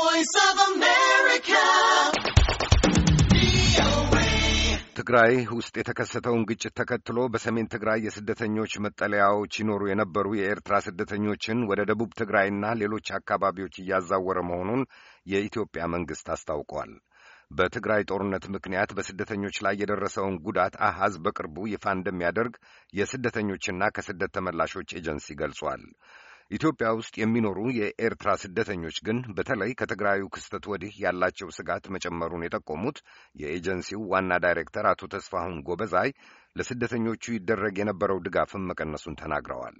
voice of America. ትግራይ ውስጥ የተከሰተውን ግጭት ተከትሎ በሰሜን ትግራይ የስደተኞች መጠለያዎች ይኖሩ የነበሩ የኤርትራ ስደተኞችን ወደ ደቡብ ትግራይና ሌሎች አካባቢዎች እያዛወረ መሆኑን የኢትዮጵያ መንግሥት አስታውቋል። በትግራይ ጦርነት ምክንያት በስደተኞች ላይ የደረሰውን ጉዳት አሃዝ በቅርቡ ይፋ እንደሚያደርግ የስደተኞችና ከስደት ተመላሾች ኤጀንሲ ገልጿል። ኢትዮጵያ ውስጥ የሚኖሩ የኤርትራ ስደተኞች ግን በተለይ ከትግራዩ ክስተት ወዲህ ያላቸው ስጋት መጨመሩን የጠቆሙት የኤጀንሲው ዋና ዳይሬክተር አቶ ተስፋሁን ጎበዛይ ለስደተኞቹ ይደረግ የነበረው ድጋፍም መቀነሱን ተናግረዋል።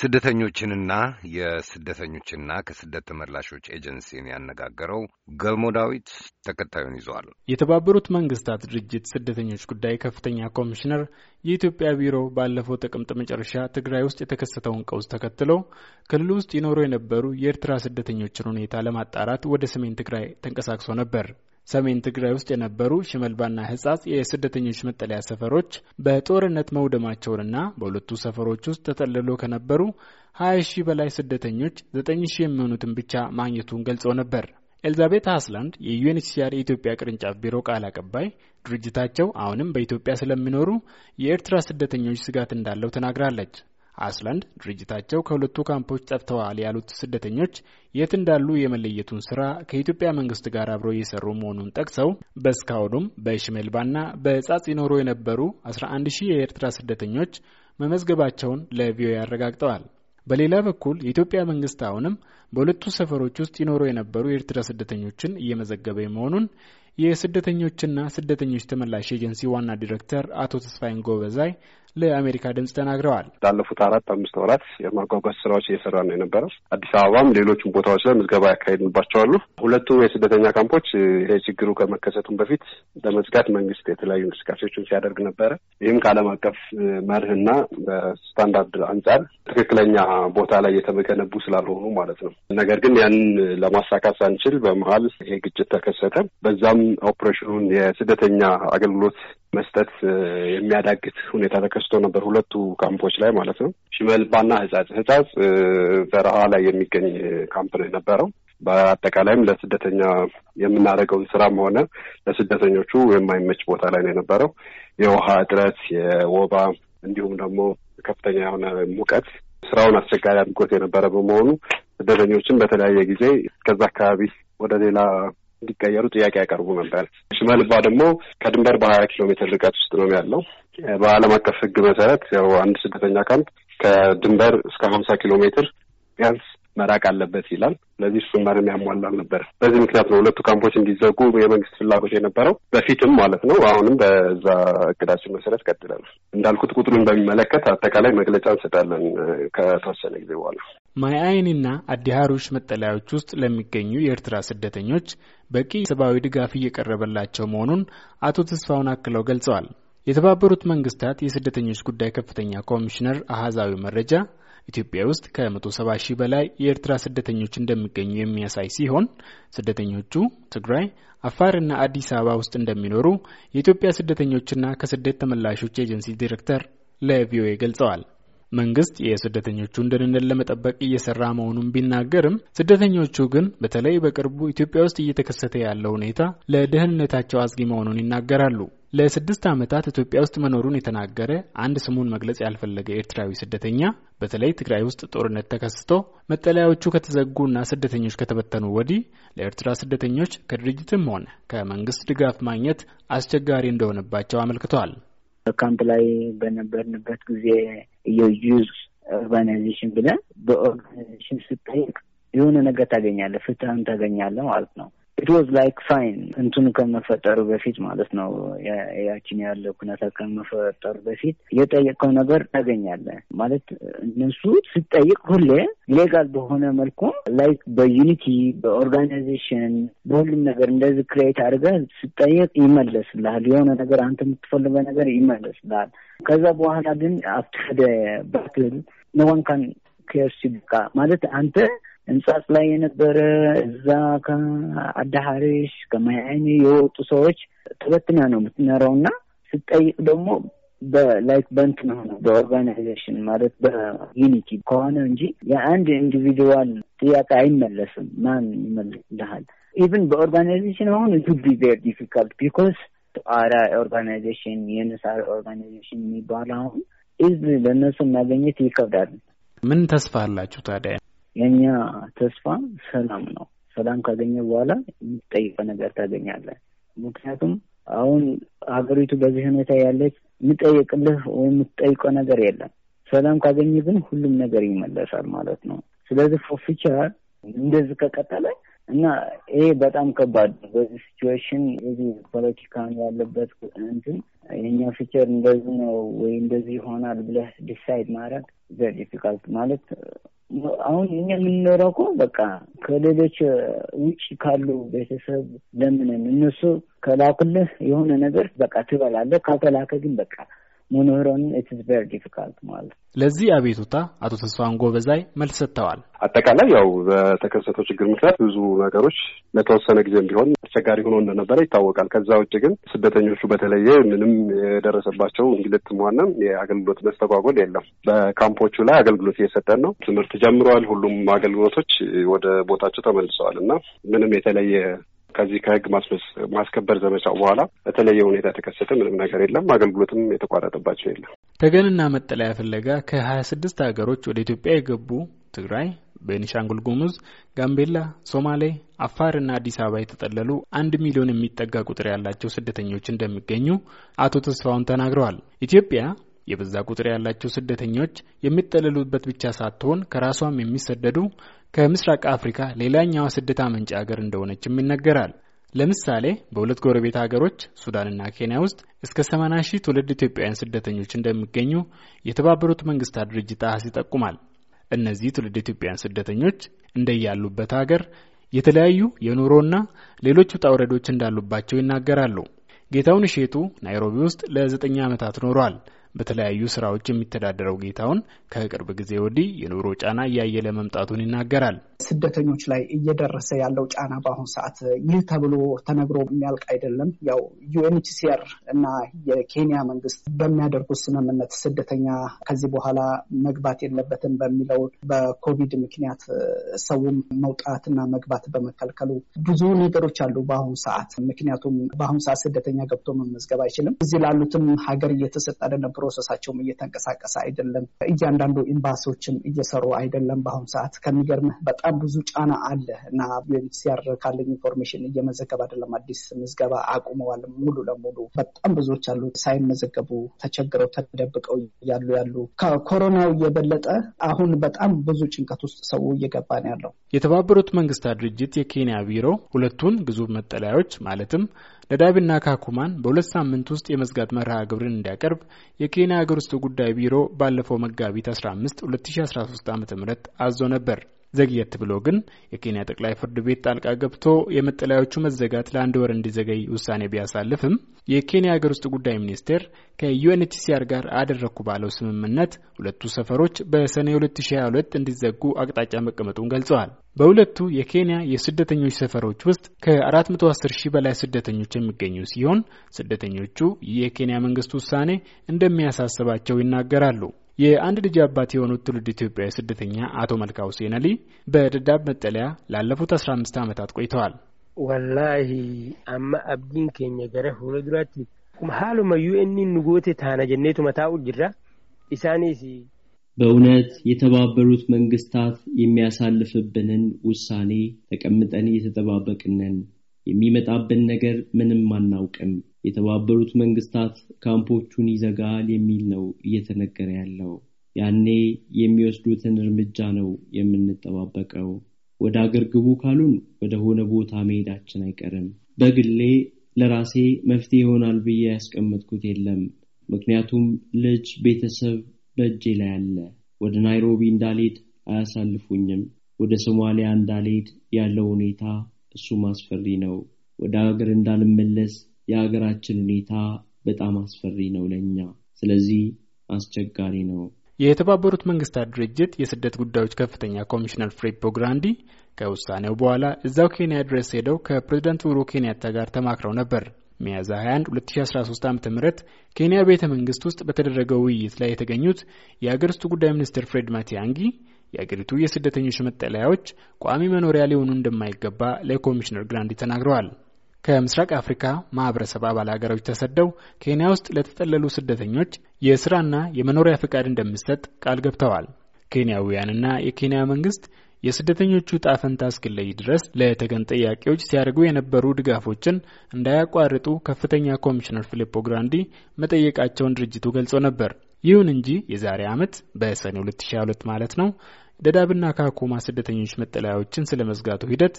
ስደተኞችንና የስደተኞችና ከስደት ተመላሾች ኤጀንሲን ያነጋገረው ገልሞ ዳዊት ተከታዩን ይዟል። የተባበሩት መንግስታት ድርጅት ስደተኞች ጉዳይ ከፍተኛ ኮሚሽነር የኢትዮጵያ ቢሮ ባለፈው ጥቅምት መጨረሻ ትግራይ ውስጥ የተከሰተውን ቀውስ ተከትሎ ክልል ውስጥ ይኖሩ የነበሩ የኤርትራ ስደተኞችን ሁኔታ ለማጣራት ወደ ሰሜን ትግራይ ተንቀሳቅሶ ነበር። ሰሜን ትግራይ ውስጥ የነበሩ ሽመልባና ህጻጽ የስደተኞች መጠለያ ሰፈሮች በጦርነት መውደማቸውንና በሁለቱ ሰፈሮች ውስጥ ተጠልሎ ከነበሩ 20 ሺህ በላይ ስደተኞች 9 ሺህ የሚሆኑትን ብቻ ማግኘቱን ገልጸው ነበር። ኤልዛቤት ሀስላንድ የዩኤንኤችሲአር የኢትዮጵያ ቅርንጫፍ ቢሮ ቃል አቀባይ ድርጅታቸው አሁንም በኢትዮጵያ ስለሚኖሩ የኤርትራ ስደተኞች ስጋት እንዳለው ተናግራለች። አስላንድ ድርጅታቸው ከሁለቱ ካምፖች ጠፍተዋል ያሉት ስደተኞች የት እንዳሉ የመለየቱን ስራ ከኢትዮጵያ መንግስት ጋር አብረው እየሰሩ መሆኑን ጠቅሰው በእስካሁኑም በሽመልባና በጻጽ ይኖሩ የነበሩ 11 ሺህ የኤርትራ ስደተኞች መመዝገባቸውን ለቪኦኤ አረጋግጠዋል። በሌላ በኩል የኢትዮጵያ መንግስት አሁንም በሁለቱ ሰፈሮች ውስጥ ይኖሩ የነበሩ የኤርትራ ስደተኞችን እየመዘገበ መሆኑን የስደተኞችና ስደተኞች ተመላሽ ኤጀንሲ ዋና ዲሬክተር አቶ ተስፋይን ጎበዛይ ለአሜሪካ ድምጽ ተናግረዋል። ላለፉት አራት አምስት ወራት የማጓጓዝ ስራዎች እየሰራ ነው የነበረው። አዲስ አበባም ሌሎችም ቦታዎች ላይ ምዝገባ ያካሄድንባቸዋሉ። ሁለቱም የስደተኛ ካምፖች ይሄ ችግሩ ከመከሰቱም በፊት ለመዝጋት መንግስት የተለያዩ እንቅስቃሴዎችን ሲያደርግ ነበረ። ይህም ከዓለም አቀፍ መርህና በስታንዳርድ አንጻር ትክክለኛ ቦታ ላይ የተገነቡ ስላልሆኑ ማለት ነው። ነገር ግን ያንን ለማሳካት ሳንችል በመሀል ይሄ ግጭት ተከሰተ። በዛም ኦፕሬሽኑን የስደተኛ አገልግሎት መስጠት የሚያዳግት ሁኔታ ተከስቶ ነበር፣ ሁለቱ ካምፖች ላይ ማለት ነው። ሽመልባና ህጻጽ ህጻጽ በረሃ ላይ የሚገኝ ካምፕ ነው የነበረው። በአጠቃላይም ለስደተኛ የምናደርገውን ስራም ሆነ ለስደተኞቹ የማይመች ቦታ ላይ ነው የነበረው። የውሃ እጥረት፣ የወባ እንዲሁም ደግሞ ከፍተኛ የሆነ ሙቀት ስራውን አስቸጋሪ አድርጎት የነበረ በመሆኑ ስደተኞችን በተለያየ ጊዜ ከዛ አካባቢ ወደ ሌላ እንዲቀየሩ ጥያቄ ያቀርቡ ነበር። ሽመልባ ደግሞ ከድንበር በሀያ ኪሎ ሜትር ርቀት ውስጥ ነው ያለው። በዓለም አቀፍ ሕግ መሰረት ያው አንድ ስደተኛ ካምፕ ከድንበር እስከ ሀምሳ ኪሎ ሜትር ቢያንስ መራቅ አለበት ይላል። ስለዚህ እሱን መርም ያሟላ ነበር። በዚህ ምክንያት ነው ሁለቱ ካምፖች እንዲዘጉ የመንግስት ፍላጎት የነበረው በፊትም ማለት ነው። አሁንም በዛ እቅዳችን መሰረት ቀጥለን እንዳልኩት ቁጥሩን በሚመለከት አጠቃላይ መግለጫ እንሰጣለን ከተወሰነ ጊዜ በኋላ ማይአይንና አዲሃሩሽ መጠለያዎች ውስጥ ለሚገኙ የኤርትራ ስደተኞች በቂ ሰብአዊ ድጋፍ እየቀረበላቸው መሆኑን አቶ ተስፋውን አክለው ገልጸዋል። የተባበሩት መንግስታት የስደተኞች ጉዳይ ከፍተኛ ኮሚሽነር አሃዛዊ መረጃ ኢትዮጵያ ውስጥ ከ170 ሺህ በላይ የኤርትራ ስደተኞች እንደሚገኙ የሚያሳይ ሲሆን ስደተኞቹ ትግራይ፣ አፋርና አዲስ አበባ ውስጥ እንደሚኖሩ የኢትዮጵያ ስደተኞችና ከስደት ተመላሾች ኤጀንሲ ዲሬክተር ለቪኦኤ ገልጸዋል። መንግስት የስደተኞቹን ደህንነት ለመጠበቅ እየሰራ መሆኑን ቢናገርም ስደተኞቹ ግን በተለይ በቅርቡ ኢትዮጵያ ውስጥ እየተከሰተ ያለው ሁኔታ ለደህንነታቸው አስጊ መሆኑን ይናገራሉ። ለስድስት ዓመታት ኢትዮጵያ ውስጥ መኖሩን የተናገረ አንድ ስሙን መግለጽ ያልፈለገ ኤርትራዊ ስደተኛ በተለይ ትግራይ ውስጥ ጦርነት ተከስቶ መጠለያዎቹ ከተዘጉና ስደተኞች ከተበተኑ ወዲህ ለኤርትራ ስደተኞች ከድርጅትም ሆነ ከመንግስት ድጋፍ ማግኘት አስቸጋሪ እንደሆነባቸው አመልክተዋል። በካምፕ ላይ በነበርንበት ጊዜ የዩዝ ኦርጋናይዜሽን ብለን በኦርጋናይዜሽን ስጠይቅ የሆነ ነገር ታገኛለህ፣ ፍትህን ታገኛለህ ማለት ነው። ኢት ዋዝ ላይክ ፋይን እንትኑ ከመፈጠሩ በፊት ማለት ነው። ያችን ያለ ኩነታ ከመፈጠሩ በፊት የጠየቀው ነገር ታገኛለህ ማለት እነሱ ስጠይቅ ሁሌ ሌጋል በሆነ መልኩ ላይክ በዩኒቲ በኦርጋናይዜሽን በሁሉም ነገር እንደዚህ ክሬት አድርገህ ስጠየቅ ይመለስልሃል። የሆነ ነገር አንተ የምትፈልገው ነገር ይመለስልሃል። ከዛ በኋላ ግን አፍተደ ባትል ነዋንካን ኬርሲ በቃ ማለት አንተ እንጻጽ ላይ የነበረ እዛ ከአዳሀሪሽ ከማያኒ የወጡ ሰዎች ተበትና ነው የምትኖረው እና ስጠይቅ ደግሞ በላይክ በንት ነው ነው በኦርጋናይዜሽን ማለት በዩኒቲ ከሆነ እንጂ የአንድ ኢንዲቪድዋል ጥያቄ አይመለስም። ማን ይመልስልሃል? ኢቭን በኦርጋናይዜሽን አሁን ጁቢ ቬር ዲፊካልት ቢኮዝ ጠዋራ ኦርጋናይዜሽን የነሳር ኦርጋናይዜሽን የሚባል አሁን ኢዝ ለእነሱ ማገኘት ይከብዳል። ምን ተስፋ አላችሁ ታዲያ? የእኛ ተስፋ ሰላም ነው። ሰላም ካገኘ በኋላ የምትጠይቀው ነገር ታገኛለህ። ምክንያቱም አሁን ሀገሪቱ በዚህ ሁኔታ ያለች የምጠየቅልህ ወይም የምትጠይቀው ነገር የለም። ሰላም ካገኘ ግን ሁሉም ነገር ይመለሳል ማለት ነው። ስለዚህ ፎፍቻ እንደዚህ ከቀጠለ እና ይሄ በጣም ከባድ ነው። በዚህ ሲትዌሽን እዚህ ፖለቲካን ያለበት እንትን የኛ ፊቸር እንደዚህ ነው ወይ እንደዚህ ይሆናል ብለህ ዲሳይድ ማድረግ ዘ ዲፊካልት ማለት አሁን እኛ የምንኖረው እኮ በቃ ከሌሎች ውጭ ካሉ ቤተሰብ ለምንን እነሱ ከላኩልህ የሆነ ነገር በቃ ትበላለህ፣ ካልተላከ ግን በቃ መኖሩን ኢትስ ቨሪ ዲፊካልት ማለት ለዚህ አቤቱታ አቶ ተስፋን ጎበዛይ መልስ ሰጥተዋል። አጠቃላይ ያው በተከሰተው ችግር ምክንያት ብዙ ነገሮች ለተወሰነ ጊዜም ቢሆን አስቸጋሪ ሆኖ እንደነበረ ይታወቃል። ከዛ ውጭ ግን ስደተኞቹ በተለየ ምንም የደረሰባቸው እንግልትም ሆነም የአገልግሎት መስተጓጎል የለም። በካምፖቹ ላይ አገልግሎት እየሰጠን ነው። ትምህርት ጀምረዋል። ሁሉም አገልግሎቶች ወደ ቦታቸው ተመልሰዋል እና ምንም የተለየ ከዚህ ከህግ ማስከበር ዘመቻው በኋላ በተለየ ሁኔታ የተከሰተ ምንም ነገር የለም። አገልግሎትም የተቋረጠባቸው የለም። ተገንና መጠለያ ፍለጋ ከሀያ ስድስት ሀገሮች ወደ ኢትዮጵያ የገቡ ትግራይ፣ ቤኒሻንጉል ጉሙዝ፣ ጋምቤላ፣ ሶማሌ፣ አፋርና አዲስ አበባ የተጠለሉ አንድ ሚሊዮን የሚጠጋ ቁጥር ያላቸው ስደተኞች እንደሚገኙ አቶ ተስፋውን ተናግረዋል። ኢትዮጵያ የበዛ ቁጥር ያላቸው ስደተኞች የሚጠለሉበት ብቻ ሳትሆን ከራሷም የሚሰደዱ ከምስራቅ አፍሪካ ሌላኛዋ ስደት አመንጭ ሀገር እንደሆነችም ይነገራል። ለምሳሌ በሁለት ጎረቤት ሀገሮች ሱዳንና ኬንያ ውስጥ እስከ 80 ሺህ ትውልድ ኢትዮጵያውያን ስደተኞች እንደሚገኙ የተባበሩት መንግስታት ድርጅት አሃዝ ይጠቁማል። እነዚህ ትውልድ ኢትዮጵያውያን ስደተኞች እንደያሉበት ሀገር የተለያዩ የኑሮና ሌሎች ውጣ ውረዶች እንዳሉባቸው ይናገራሉ። ጌታውን እሼቱ ናይሮቢ ውስጥ ለዘጠኝ ዓመታት ኖሯል። በተለያዩ ስራዎች የሚተዳደረው ጌታውን ከቅርብ ጊዜ ወዲህ የኑሮ ጫና እያየለ መምጣቱን ይናገራል። ስደተኞች ላይ እየደረሰ ያለው ጫና በአሁን ሰዓት ይህ ተብሎ ተነግሮ የሚያልቅ አይደለም። ያው ዩኤንኤችሲአር እና የኬንያ መንግስት በሚያደርጉት ስምምነት ስደተኛ ከዚህ በኋላ መግባት የለበትም በሚለው በኮቪድ ምክንያት ሰውም መውጣትና መግባት በመከልከሉ ብዙ ነገሮች አሉ በአሁኑ ሰዓት። ምክንያቱም በአሁኑ ሰዓት ስደተኛ ገብቶ መመዝገብ አይችልም። እዚህ ላሉትም ሀገር እየተሰጠ አይደለም፣ ፕሮሰሳቸውም እየተንቀሳቀሰ አይደለም፣ እያንዳንዱ ኤምባሲዎችም እየሰሩ አይደለም። በአሁኑ ሰዓት ከሚገርምህ በጣም በጣም ብዙ ጫና አለ እና ዩኤንኤችሲአር ካለኝ ኢንፎርሜሽን እየመዘገብ አይደለም። አዲስ ምዝገባ አቁመዋል ሙሉ ለሙሉ በጣም ብዙዎች አሉ ሳይመዘገቡ ተቸግረው ተደብቀው ያሉ ያሉ ከኮሮናው የበለጠ አሁን በጣም ብዙ ጭንቀት ውስጥ ሰው እየገባ ነው ያለው። የተባበሩት መንግስታት ድርጅት የኬንያ ቢሮ ሁለቱን ግዙፍ መጠለያዎች ማለትም ለዳቢና ካኩማን በሁለት ሳምንት ውስጥ የመዝጋት መርሃ ግብርን እንዲያቀርብ የኬንያ ሀገር ውስጥ ጉዳይ ቢሮ ባለፈው መጋቢት 15 2013 ዓ ም አዞ ነበር። ዘግየት ብሎ ግን የኬንያ ጠቅላይ ፍርድ ቤት ጣልቃ ገብቶ የመጠለያዎቹ መዘጋት ለአንድ ወር እንዲዘገይ ውሳኔ ቢያሳልፍም የኬንያ የሀገር ውስጥ ጉዳይ ሚኒስቴር ከዩኤንኤችሲአር ጋር አደረግኩ ባለው ስምምነት ሁለቱ ሰፈሮች በሰኔ 2022 እንዲዘጉ አቅጣጫ መቀመጡን ገልጸዋል። በሁለቱ የኬንያ የስደተኞች ሰፈሮች ውስጥ ከ410 ሺህ በላይ ስደተኞች የሚገኙ ሲሆን ስደተኞቹ የኬንያ መንግስት ውሳኔ እንደሚያሳስባቸው ይናገራሉ። የአንድ ልጅ አባት የሆኑት ትውልድ ኢትዮጵያዊ ስደተኛ አቶ መልካ ሁሴን አሊ በደዳብ መጠለያ ላለፉት አስራ አምስት ዓመታት ቆይተዋል። ወላሂ አማ አብዲን ኬኛ ገረ ሁለ ዱራቲ ሀሉመ ዩኤኒ ንጎቴ ታነ ጀኔቱ መታኡ ጅራ ኢሳኔሲ በእውነት የተባበሩት መንግስታት የሚያሳልፍብንን ውሳኔ ተቀምጠን እየተጠባበቅነን የሚመጣብን ነገር ምንም አናውቅም፣ የተባበሩት መንግስታት ካምፖቹን ይዘጋል የሚል ነው እየተነገረ ያለው። ያኔ የሚወስዱትን እርምጃ ነው የምንጠባበቀው። ወደ አገር ግቡ ካሉን ወደ ሆነ ቦታ መሄዳችን አይቀርም። በግሌ ለራሴ መፍትሄ ይሆናል ብዬ ያስቀመጥኩት የለም። ምክንያቱም ልጅ፣ ቤተሰብ በእጄ ላይ አለ። ወደ ናይሮቢ እንዳልሄድ አያሳልፉኝም። ወደ ሶማሊያ እንዳልሄድ ያለው ሁኔታ እሱም አስፈሪ ነው። ወደ ሀገር እንዳልመለስ የሀገራችን ሁኔታ በጣም አስፈሪ ነው ለእኛ። ስለዚህ አስቸጋሪ ነው። የተባበሩት መንግስታት ድርጅት የስደት ጉዳዮች ከፍተኛ ኮሚሽነር ፍሬፖ ግራንዲ ከውሳኔው በኋላ እዛው ኬንያ ድረስ ሄደው ከፕሬዝዳንት ኡሁሩ ኬንያታ ጋር ተማክረው ነበር። ሚያዝያ 21 2013 ዓ ም ኬንያ ቤተ መንግስት ውስጥ በተደረገው ውይይት ላይ የተገኙት የአገር ውስጥ ጉዳይ ሚኒስትር ፍሬድ ማቲያንጊ የአገሪቱ የስደተኞች መጠለያዎች ቋሚ መኖሪያ ሊሆኑ እንደማይገባ ለኮሚሽነር ግራንዲ ተናግረዋል። ከምስራቅ አፍሪካ ማህበረሰብ አባል ሀገሮች ተሰደው ኬንያ ውስጥ ለተጠለሉ ስደተኞች የስራና የመኖሪያ ፍቃድ እንደሚሰጥ ቃል ገብተዋል። ኬንያውያንና የኬንያ መንግስት የስደተኞቹ ጣፈንታ ፈንታ እስኪለይ ድረስ ለተገን ጥያቄዎች ሲያደርጉ የነበሩ ድጋፎችን እንዳያቋርጡ ከፍተኛ ኮሚሽነር ፊሊፖ ግራንዲ መጠየቃቸውን ድርጅቱ ገልጾ ነበር። ይሁን እንጂ የዛሬ ዓመት በሰኔ 2022 ማለት ነው ደዳብና ካኮማ ስደተኞች መጠለያዎችን ስለ መዝጋቱ ሂደት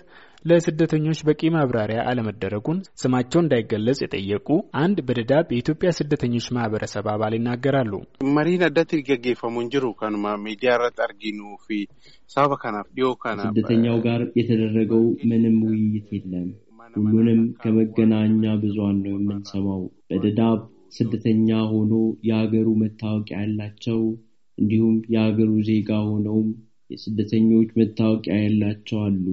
ለስደተኞች በቂ ማብራሪያ አለመደረጉን ስማቸው እንዳይገለጽ የጠየቁ አንድ በደዳብ የኢትዮጵያ ስደተኞች ማህበረሰብ አባል ይናገራሉ። መሪን አዳት ሪገጌፈሙ እንጅሩ ከኑማ ሚዲያ ረት አርጊኑ ፊ ሳባ ከናፍ ዮ ከና ስደተኛው ጋር የተደረገው ምንም ውይይት የለም። ሁሉንም ከመገናኛ ብዙሃን ነው የምንሰማው። በደዳብ ስደተኛ ሆኖ የሀገሩ መታወቂያ ያላቸው እንዲሁም የሀገሩ ዜጋ ሆነውም የስደተኞች መታወቂያ ያላቸው አሉ።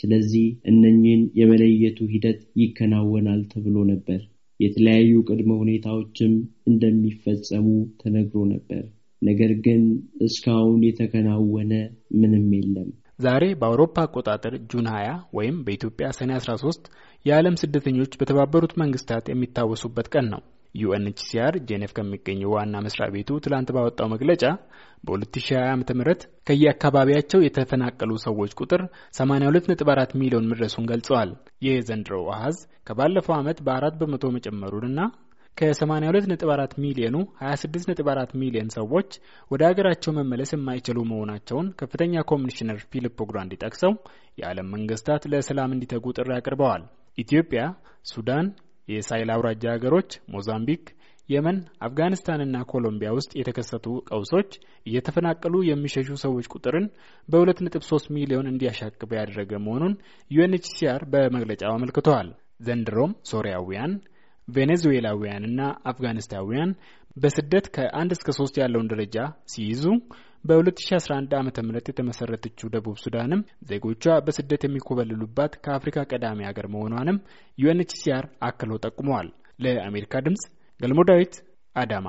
ስለዚህ እነኚህን የመለየቱ ሂደት ይከናወናል ተብሎ ነበር። የተለያዩ ቅድመ ሁኔታዎችም እንደሚፈጸሙ ተነግሮ ነበር። ነገር ግን እስካሁን የተከናወነ ምንም የለም። ዛሬ በአውሮፓ አቆጣጠር ጁን 20 ወይም በኢትዮጵያ ሰኔ 13 የዓለም ስደተኞች በተባበሩት መንግስታት የሚታወሱበት ቀን ነው። ዩኤንኤችሲአር ጄኔቭ ከሚገኘው ዋና መስሪያ ቤቱ ትላንት ባወጣው መግለጫ በ2020 ም ከየአካባቢያቸው የተፈናቀሉ ሰዎች ቁጥር 82.4 ሚሊዮን መድረሱን ገልጸዋል። ይህ የዘንድሮው አሃዝ ከባለፈው ዓመት በ4 በመቶ መጨመሩንና ከ82.4 ሚሊዮኑ 26.4 ሚሊዮን ሰዎች ወደ ሀገራቸው መመለስ የማይችሉ መሆናቸውን ከፍተኛ ኮሚሽነር ፊሊፖ ግራንዲ ጠቅሰው የዓለም መንግስታት ለሰላም እንዲተጉ ጥሪ አቅርበዋል። ኢትዮጵያ፣ ሱዳን፣ የሳይል አውራጃ ሀገሮች ሞዛምቢክ፣ የመን፣ አፍጋኒስታንና ኮሎምቢያ ውስጥ የተከሰቱ ቀውሶች እየተፈናቀሉ የሚሸሹ ሰዎች ቁጥርን በ2.3 ሚሊዮን እንዲያሻቅብ ያደረገ መሆኑን ዩኤንኤችሲአር በመግለጫው አመልክተዋል። ዘንድሮም ሶሪያውያን ቬኔዙዌላውያንና አፍጋኒስታውያን በስደት ከአንድ እስከ ሶስት ያለውን ደረጃ ሲይዙ በ2011 ዓ ም የተመሰረተችው ደቡብ ሱዳንም ዜጎቿ በስደት የሚኮበልሉባት ከአፍሪካ ቀዳሚ ሀገር መሆኗንም ዩኤንኤችሲአር አክለው ጠቁመዋል። ለአሜሪካ ድምጽ ገልሞ ዳዊት አዳማ